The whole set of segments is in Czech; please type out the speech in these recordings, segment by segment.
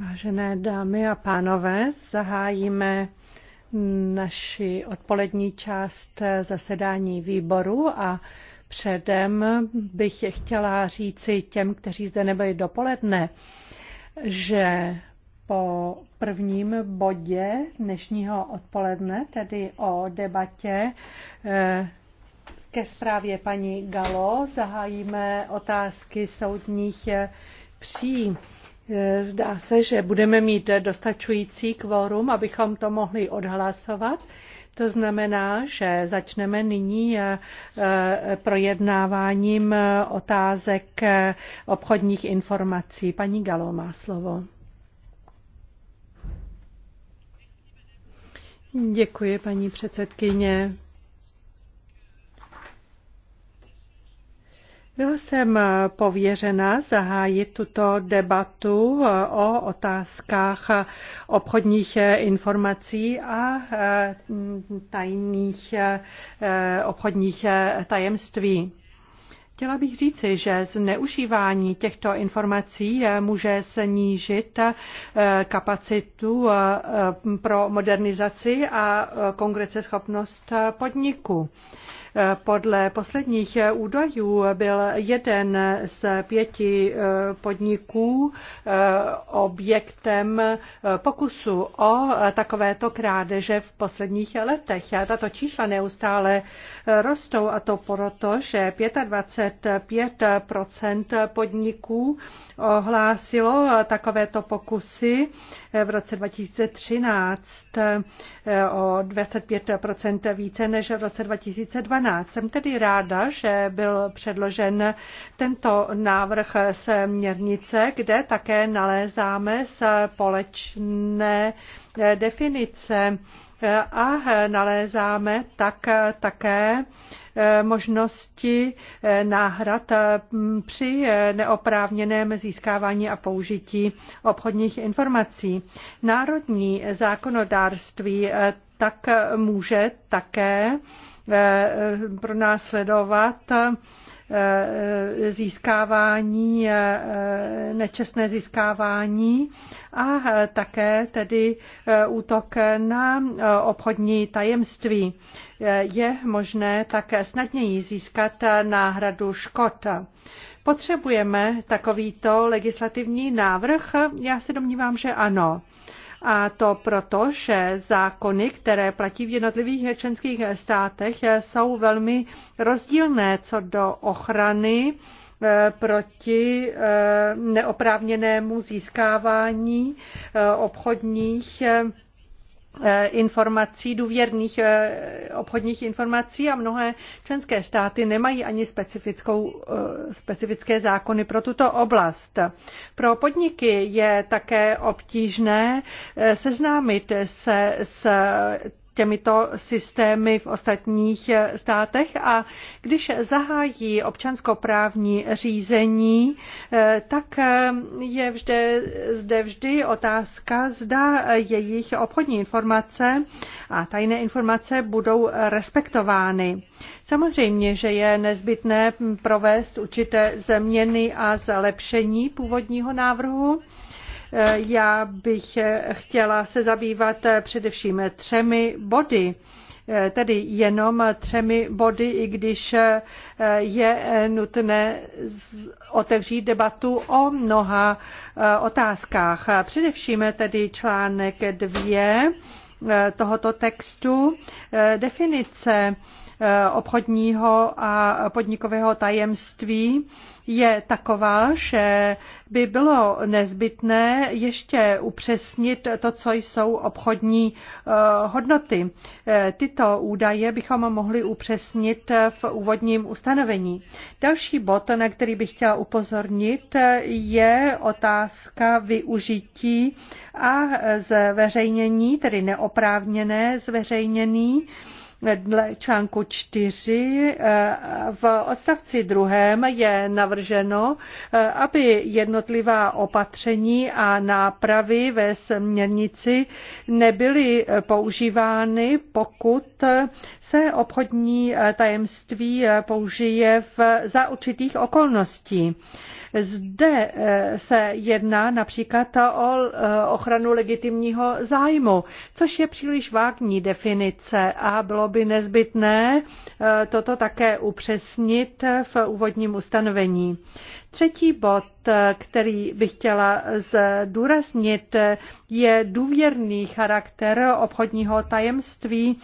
Vážené dámy a pánové, zahájíme naši odpolední část zasedání výboru a předem bych chtěla říci těm, kteří zde nebyli dopoledne, že po prvním bodě dnešního odpoledne, tedy o debatě eh, ke zprávě paní Galo, zahájíme otázky soudních eh, pří. Eh, zdá se, že budeme mít dostačující kvorum, abychom to mohli odhlasovat. To znamená, že začneme nyní eh, eh, projednáváním otázek obchodních informací. Paní Galo má slovo. Děkuji, paní předsedkyně. Byla jsem pověřena zahájit tuto debatu o otázkách obchodních informací a mm, tajných eh, obchodních tajemství. Chtěla bych říci, že zneužívání těchto informací může snížit eh, kapacitu eh, pro modernizaci a konkurenceschopnost podniku. Podle posledních údajů byl jeden z pěti eh, podniků eh, objektem eh, pokusu o takovéto krádeže v posledních letech. Tato čísla neustále rostou a to proto, že 25 podniků ohlásilo takovéto pokusy v roce 2013 o 25 více než v roce 2012. 2011. Jsem tedy ráda, že byl předložen tento návrh směrnice, kde také nalézáme společné definice a nalézáme tak také možnosti náhrad při neoprávněném získávání a použití obchodních informací. Národní zákonodárství tak může také Eh, eh, pronásledovat eh, získávání, nečestné získávání a také tedy útok na obchodní tajemství. Je možné také snadněji získat náhradu škod. Potřebujeme takovýto legislativní návrh? Já se domnívám, že ano. A to proto, že zákony, které platí v jednotlivých členských státech, jsou velmi rozdílné co do ochrany eh, proti eh, neoprávněnému získávání eh, obchodních Eh, informací, důvěrných eh, obchodních informací a mnohé členské státy nemají ani specifickou, eh, specifické zákony pro tuto oblast. Pro podniky je také obtížné seznámit se s těmito systémy v ostatních státech a když zahájí občanskoprávní řízení, eh, tak eh, je vždy, zde vždy otázka, zda jejich obchodní informace a tajné informace budou respektovány. Samozřejmě, že je nezbytné provést určité změny a zlepšení původního návrhu, já bych chtěla se zabývat především třemi body tedy jenom třemi body, i když je nutné otevřít debatu o mnoha otázkách. Především tedy článek dvě tohoto textu definice obchodního a podnikového tajemství je taková, že by bylo nezbytné ještě upřesnit to, co jsou obchodní eh, hodnoty. Eh, tyto údaje bychom mohli upřesnit v úvodním ustanovení. Další bod, na který bych chtěla upozornit, je otázka využití a zveřejnění, tedy neoprávněné zveřejnění Dle článku 4 eh, v odstavci druhém je navrženo, eh, aby jednotlivá opatření a nápravy ve směrnici nebyly eh, používány, pokud se obchodní tajemství použije v, za určitých okolností. Zde se jedná například o ochranu legitimního zájmu, což je příliš vágní definice a bylo bylo by nezbytné eh, toto také upřesnit v úvodním ustanovení. Třetí bod, eh, který bych chtěla zdůraznit, eh, je důvěrný charakter obchodního tajemství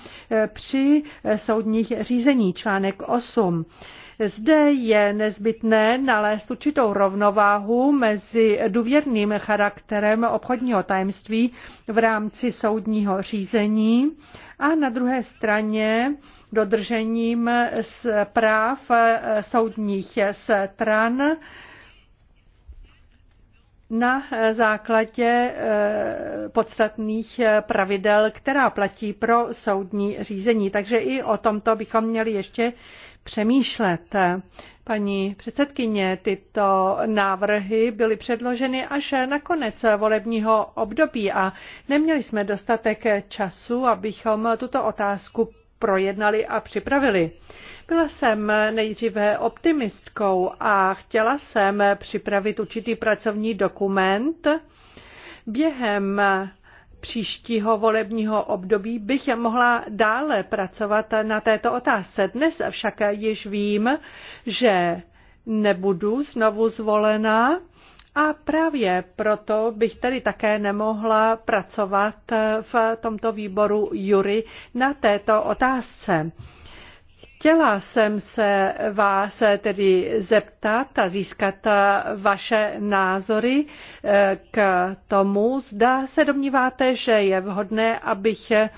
při soudních řízení, článek 8. Zde je nezbytné nalézt určitou rovnováhu mezi důvěrným charakterem obchodního tajemství v rámci soudního řízení a na druhé straně dodržením práv soudních stran na základě eh, podstatných eh, pravidel, která platí pro soudní řízení. Takže i o tomto bychom měli ještě přemýšlet. Paní předsedkyně, tyto návrhy byly předloženy až na konec volebního období a neměli jsme dostatek času, abychom tuto otázku projednali a připravili. Byla jsem nejdříve optimistkou a chtěla jsem připravit určitý pracovní dokument během příštího volebního období bych mohla dále pracovat na této otázce. Dnes však již vím, že nebudu znovu zvolena a právě proto bych tedy také nemohla pracovat v tomto výboru Jury na této otázce. Chtěla jsem se vás tedy zeptat a získat vaše názory eh, k tomu, zda se domníváte, že je vhodné, abych eh,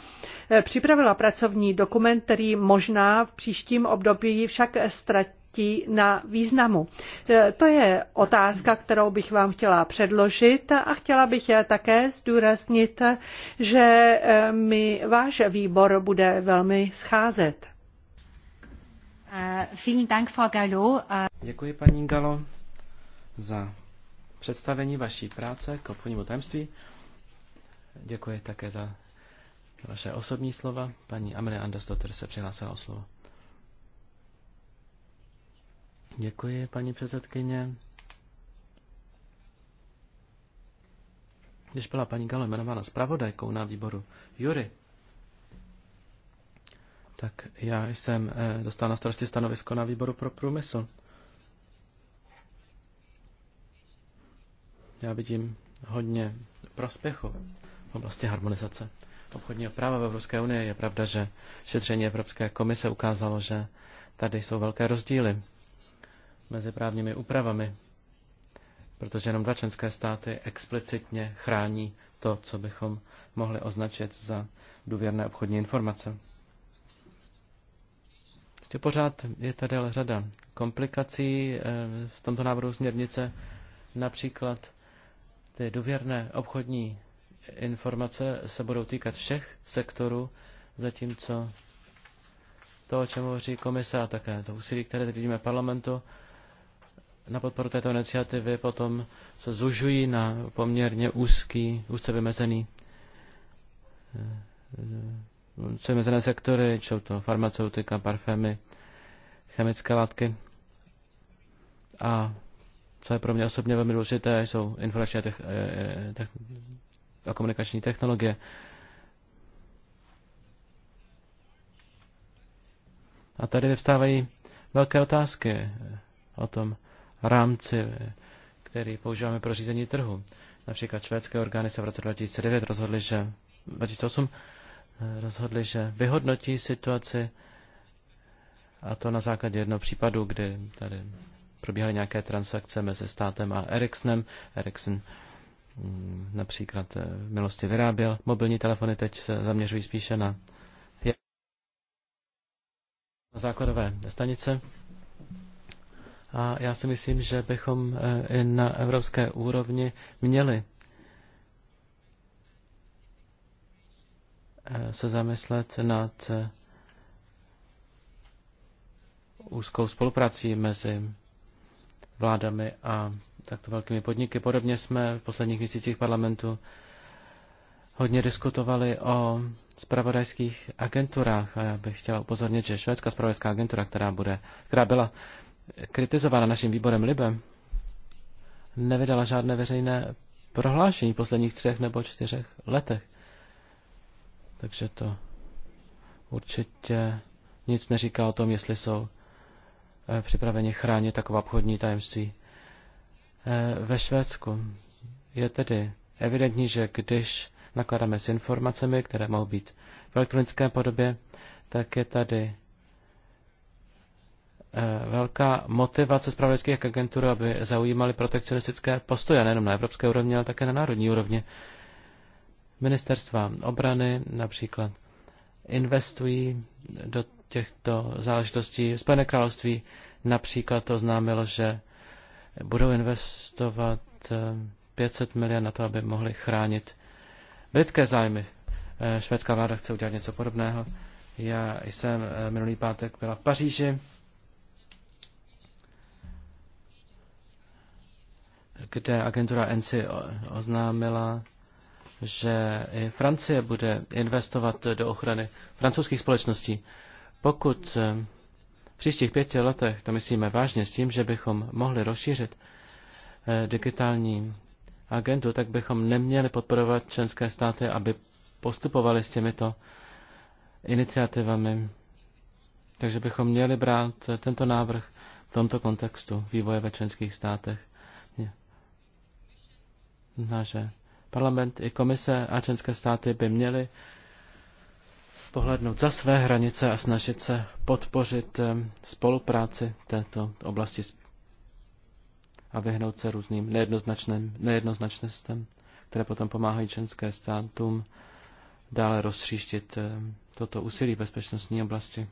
připravila pracovní dokument, který možná v příštím období však ztratí na významu. Eh, to je otázka, kterou bych vám chtěla předložit a chtěla bych také zdůraznit, že mi váš výbor bude velmi scházet. Eh, eh, Děkuji, paní Galo, za představení vaší práce k obchodnímu tajemství. Děkuji také za vaše osobní slova. Paní Amelie Andersdotter se přihlásila o slovo. Děkuji, paní předsedkyně. Když byla paní Galo jmenována zpravodajkou na výboru Jury, tak já jsem eh, dostal na starosti stanovisko na výboru pro průmysl. Já vidím hodně prospěchu v oblasti harmonizace obchodního práva v Evropské unii. Je pravda, že šetření Evropské komise ukázalo, že tady jsou velké rozdíly mezi právními úpravami, protože jenom dva členské státy explicitně chrání to, co bychom mohli označit za důvěrné obchodní informace. Ještě prostě pořád je tady ale řada komplikací eh, v tomto návrhu směrnice, například ty důvěrné obchodní informace se budou týkat všech sektorů, zatímco to, o čem hovoří komise a také to úsilí, které teď vidíme parlamentu na podporu této iniciativy, potom se zužují na poměrně úzký, úzce vymezený eh, je mezené sektory, jsou to farmaceutika, parfémy, chemické látky. A co je pro mě osobně velmi důležité, jsou informační tech, eh, eh, tech, a komunikační technologie. A tady vyvstávají velké otázky eh, o tom rámci, který používáme pro řízení trhu. Například švédské orgány se v roce 2009 rozhodly, že 2008 rozhodli, že vyhodnotí situaci a to na základě jednoho případu, kdy tady probíhaly nějaké transakce mezi státem a Ericssonem. Ericsson mm, například eh, v milosti vyráběl mobilní telefony, teď se zaměřují spíše na základové stanice. A já si myslím, že bychom eh, i na evropské úrovni měli se zamyslet nad eh, úzkou spoluprací mezi vládami a takto velkými podniky. Podobně jsme v posledních měsících parlamentu hodně diskutovali o spravodajských agenturách a já bych chtěla upozornit, že švédská spravodajská agentura, která, bude, která byla kritizována naším výborem Libem, nevydala žádné veřejné prohlášení v posledních třech nebo čtyřech letech. Takže to určitě nic neříká o tom, jestli jsou eh, připraveni chránit taková obchodní tajemství. Eh, ve Švédsku je tedy evidentní, že když nakladáme s informacemi, které mohou být v elektronické podobě, tak je tady eh, velká motivace zpravodajských agentur, aby zaujímali protekcionistické postoje nejenom na evropské úrovni, ale také na národní úrovni. Ministerstva obrany například investují do těchto záležitostí. Spojené království například to oznámilo, že budou investovat 500 eh, milion na to, aby mohli chránit britské zájmy. Eh, švédská vláda chce udělat něco podobného. Já jsem eh, minulý pátek byla v Paříži, kde agentura NC oznámila, že i Francie bude investovat do ochrany francouzských společností. Pokud eh, v příštích pěti letech to myslíme vážně s tím, že bychom mohli rozšířit eh, digitální agendu, tak bychom neměli podporovat členské státy, aby postupovali s těmito iniciativami. Takže bychom měli brát eh, tento návrh v tomto kontextu vývoje ve členských státech. Naše Parlament i komise a členské státy by měly pohlednout za své hranice a snažit se podpořit eh, spolupráci této oblasti a vyhnout se různým nejednoznačným, nejednoznačnostem, které potom pomáhají členské státům dále rozstříštit eh, toto úsilí v bezpečnostní oblasti.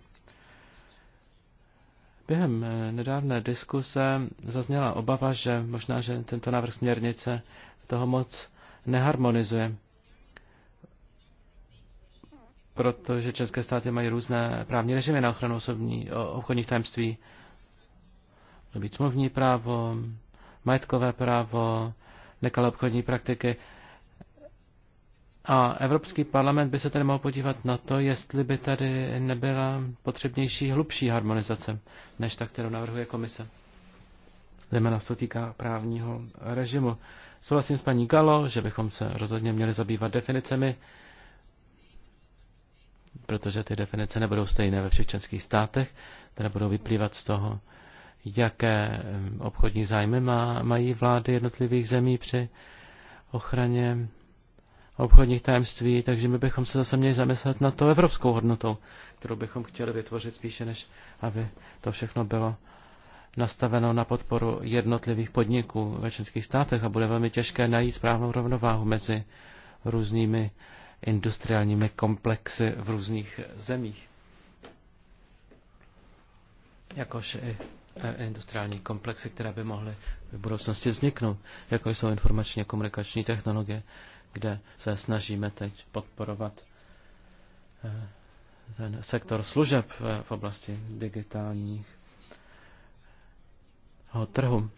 Během eh, nedávné diskuse zazněla obava, že možná, že tento návrh směrnice toho moc neharmonizuje, protože české státy mají různé právní režimy na ochranu osobní, obchodních tajemství. Může být smluvní právo, majetkové právo, nekalé obchodní praktiky. A Evropský parlament by se tedy mohl podívat na to, jestli by tady nebyla potřebnější hlubší harmonizace, než ta, kterou navrhuje komise zejména se týká právního režimu. Souhlasím s paní Galo, že bychom se rozhodně měli zabývat definicemi, protože ty definice nebudou stejné ve všech českých státech, které budou vyplývat z toho, jaké obchodní zájmy má, mají vlády jednotlivých zemí při ochraně obchodních tajemství, takže my bychom se zase měli zamyslet na to evropskou hodnotou, kterou bychom chtěli vytvořit spíše, než aby to všechno bylo nastaveno na podporu jednotlivých podniků ve členských státech a bude velmi těžké najít správnou rovnováhu mezi různými industriálními komplexy v různých zemích. Jakož i e, industriální komplexy, které by mohly v budoucnosti vzniknout, jako jsou informační a komunikační technologie, kde se snažíme teď podporovat e, ten sektor služeb e, v oblasti digitálních trhu.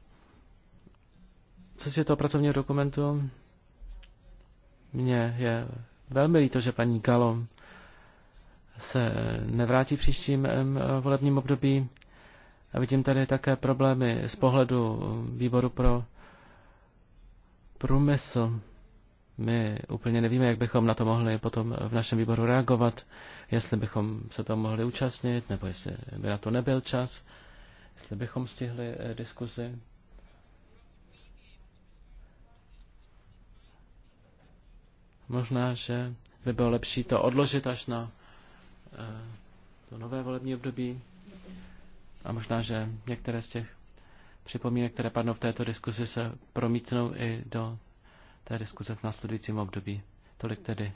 Co si to pracovního dokumentu? Mně je velmi líto, že paní Galo se nevrátí příštím volebním období. A vidím tady také problémy z pohledu výboru pro průmysl. My úplně nevíme, jak bychom na to mohli potom v našem výboru reagovat, jestli bychom se to mohli účastnit, nebo jestli by na to nebyl čas jestli bychom stihli eh, diskuzi. Možná, že by bylo lepší to odložit až na eh, to nové volební období. A možná, že některé z těch připomínek, které padnou v této diskuzi, se promítnou i do té diskuze v následujícím období. Tolik tedy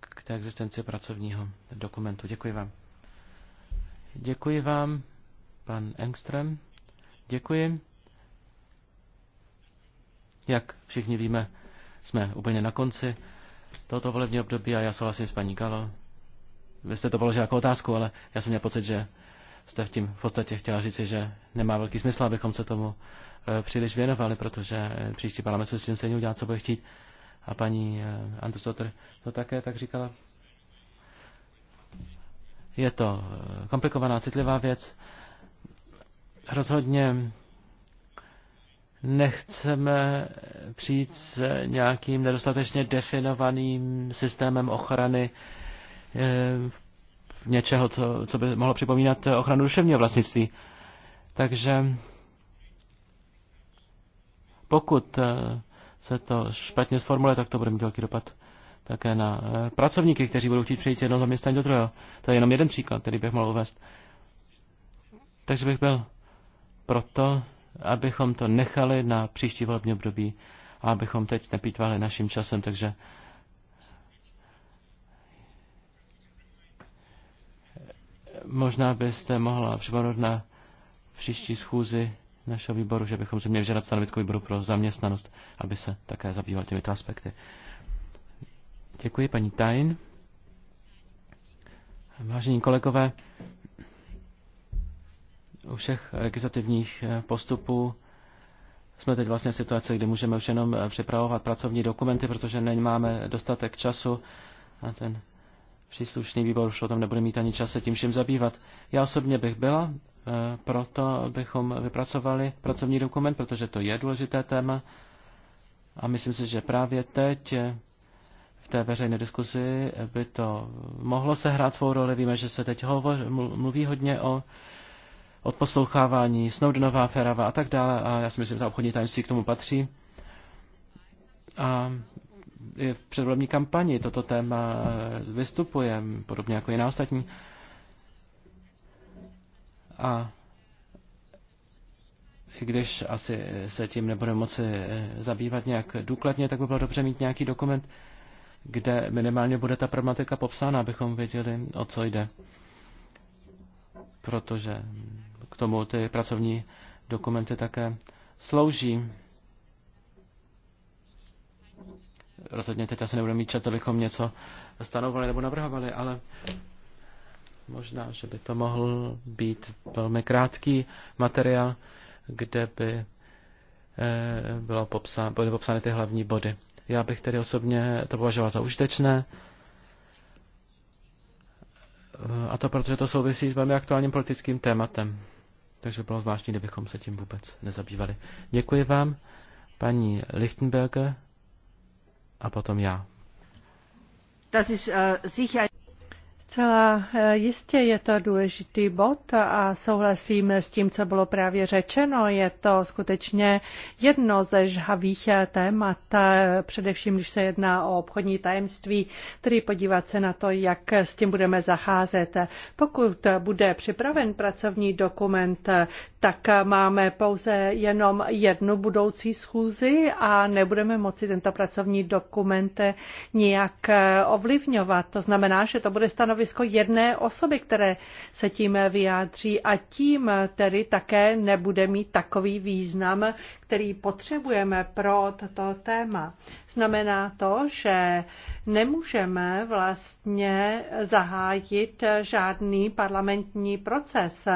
k té existenci pracovního dokumentu. Děkuji vám. Děkuji vám. Pan Engström, děkuji. Jak všichni víme, jsme úplně na konci tohoto volebního období a já souhlasím s paní Kalo. Vy jste to položili jako otázku, ale já jsem měl pocit, že jste v tím v podstatě chtěla říci, že nemá velký smysl, abychom se tomu eh, příliš věnovali, protože eh, příští parlament se stejně udělá, co bude chtít. A paní eh, Andrstotr to také tak říkala. Je to komplikovaná, citlivá věc rozhodně nechceme přijít s nějakým nedostatečně definovaným systémem ochrany eh, něčeho, co, co by mohlo připomínat ochranu duševního vlastnictví. Takže pokud eh, se to špatně sformuluje, tak to bude mít velký dopad také na eh, pracovníky, kteří budou chtít přejít z jednoho zaměstnání do druhého. To je jenom jeden příklad, který bych mohl uvést. Takže bych byl proto, abychom to nechali na příští volební období a abychom teď nepítvali naším časem, takže možná byste mohla připomenout na příští schůzi našeho výboru, že bychom se měli vyžádat stanovisko výboru pro zaměstnanost, aby se také zabýval těmito aspekty. Děkuji, paní Tajn. Vážení kolegové, u všech legislativních eh, postupů jsme teď vlastně v situaci, kdy můžeme už jenom eh, připravovat pracovní dokumenty, protože nemáme dostatek času a ten příslušný výbor už o tom nebude mít ani čas se tím všem zabývat. Já osobně bych byla, eh, proto bychom vypracovali pracovní dokument, protože to je důležité téma a myslím si, že právě teď v té veřejné diskuzi by to mohlo sehrát svou roli. Víme, že se teď mluví hodně o odposlouchávání, Snowdenová ferava a tak dále. A já si myslím, že ta obchodní tajemství k tomu patří. A i v předvolební kampani toto téma vystupuje, podobně jako i na ostatní. A i když asi se tím nebudeme moci eh, zabývat nějak důkladně, tak by bylo dobře mít nějaký dokument, kde minimálně bude ta problematika popsána, abychom věděli, o co jde. Protože k tomu ty pracovní dokumenty také slouží. Rozhodně teď asi nebudeme mít čas, abychom něco stanovali nebo navrhovali, ale možná, že by to mohl být velmi krátký materiál, kde by eh, bylo popsán, byly popsány ty hlavní body. Já bych tedy osobně to považoval za užitečné. Eh, a to protože to souvisí s velmi aktuálním politickým tématem. Takže bylo zvláštní, kdybychom se tím vůbec nezabývali. Děkuji vám, paní Lichtenberger a potom já. Das ist, uh, sicher... Zcela e, jistě je to důležitý bod a souhlasím s tím, co bylo právě řečeno. Je to skutečně jedno ze žhavých e, témat, e, především když se jedná o obchodní tajemství, tedy podívat se na to, jak s tím budeme zacházet. Pokud bude připraven pracovní dokument, tak máme pouze jenom jednu budoucí schůzi a nebudeme moci tento pracovní dokument nijak ovlivňovat. To znamená, že to bude stanovisko stanovisko jedné osoby, které se tím vyjádří a tím tedy také nebude mít takový význam, který potřebujeme pro toto téma. Znamená to, že nemůžeme vlastně zahájit žádný parlamentní proces,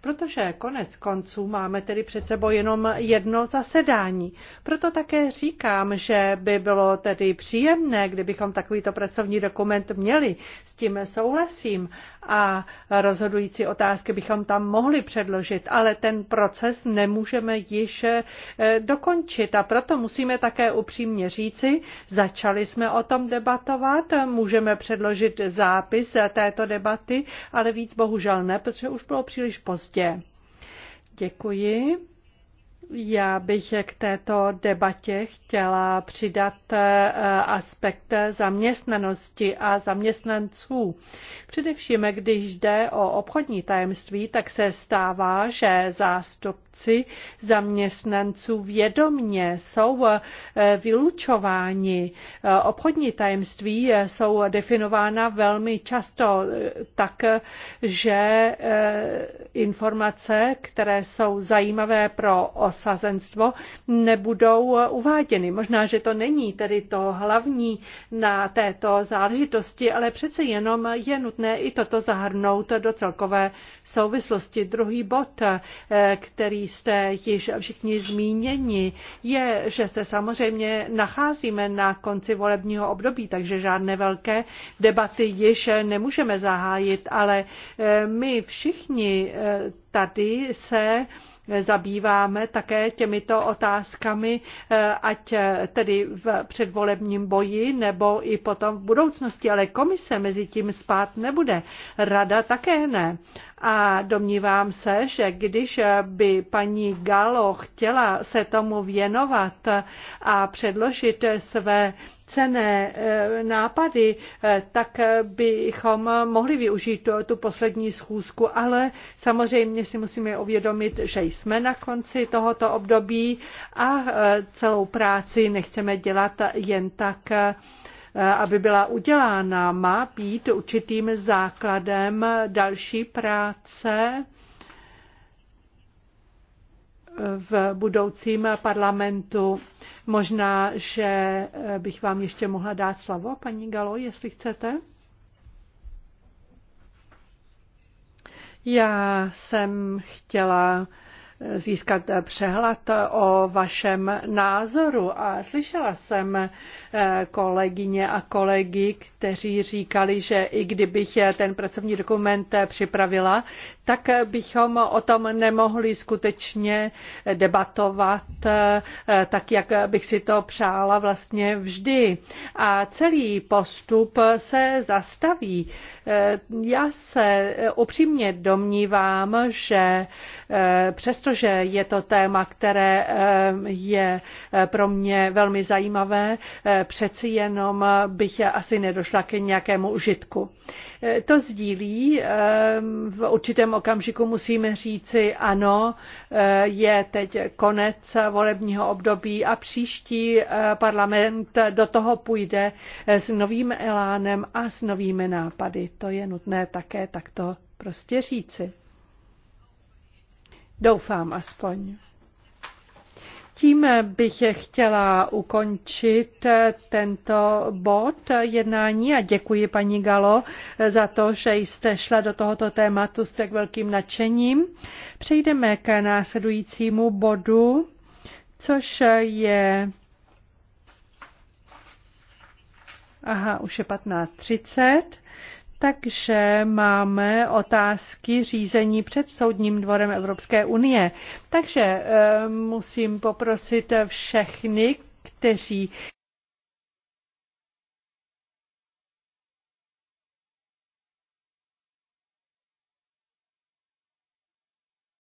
protože konec konců máme tedy před sebou jenom jedno zasedání. Proto také říkám, že by bylo tedy příjemné, kdybychom takovýto pracovní dokument měli. S tím souhlasit souhlasím a rozhodující otázky bychom tam mohli předložit, ale ten proces nemůžeme již eh, dokončit a proto musíme také upřímně říci, začali jsme o tom debatovat, můžeme předložit zápis této debaty, ale víc bohužel ne, protože už bylo příliš pozdě. Děkuji. Já bych k této debatě chtěla přidat eh, aspekt zaměstnanosti a zaměstnanců. Především, když jde o obchodní tajemství, tak se stává, že zástupci zaměstnanců vědomně jsou eh, vylučováni. Eh, obchodní tajemství jsou definována velmi často tak, že informace, které jsou zajímavé pro osazenstvo nebudou uváděny. Možná, že to není tedy to hlavní na této záležitosti, ale přece jenom je nutné i toto zahrnout do celkové souvislosti. Druhý bod, eh, který jste již všichni zmíněni, je, že se samozřejmě nacházíme na konci volebního období, takže žádné velké debaty již nemůžeme zahájit, ale eh, my všichni eh, tady se zabýváme také těmito otázkami, eh, ať eh, tedy v předvolebním boji nebo i potom v budoucnosti, ale komise mezi tím spát nebude, rada také ne. A domnívám se, že když by paní Galo chtěla se tomu věnovat a předložit své cené eh, nápady, eh, tak bychom mohli využít tu poslední schůzku, ale samozřejmě si musíme uvědomit, že jsme na konci tohoto období a eh, celou práci nechceme dělat jen tak aby byla udělána, má být určitým základem další práce v budoucím parlamentu. Možná, že bych vám ještě mohla dát slovo, paní Galo, jestli chcete. Já jsem chtěla získat přehled o vašem názoru a slyšela jsem Eh, kolegyně a kolegy, kteří říkali, že i kdybych ten pracovní dokument eh, připravila, tak bychom o tom nemohli skutečně debatovat eh, tak, jak bych si to přála vlastně vždy. A celý postup se zastaví. Já se upřímně domnívám, že přestože je to téma, které je pro mě velmi zajímavé, přeci jenom bych asi nedošla ke nějakému užitku. To sdílí. Eh, v určitém okamžiku musíme říci ano, eh, je teď konec volebního období a příští eh, parlament do toho půjde s novým elánem a s novými nápady. To je nutné také takto prostě říci. Doufám aspoň. Tím bych chtěla ukončit tento bod jednání a děkuji paní Galo za to, že jste šla do tohoto tématu s tak velkým nadšením. Přejdeme k následujícímu bodu, což je Aha, už je 15.30. Takže máme otázky řízení před Soudním dvorem Evropské unie. Takže eh, musím poprosit všechny, kteří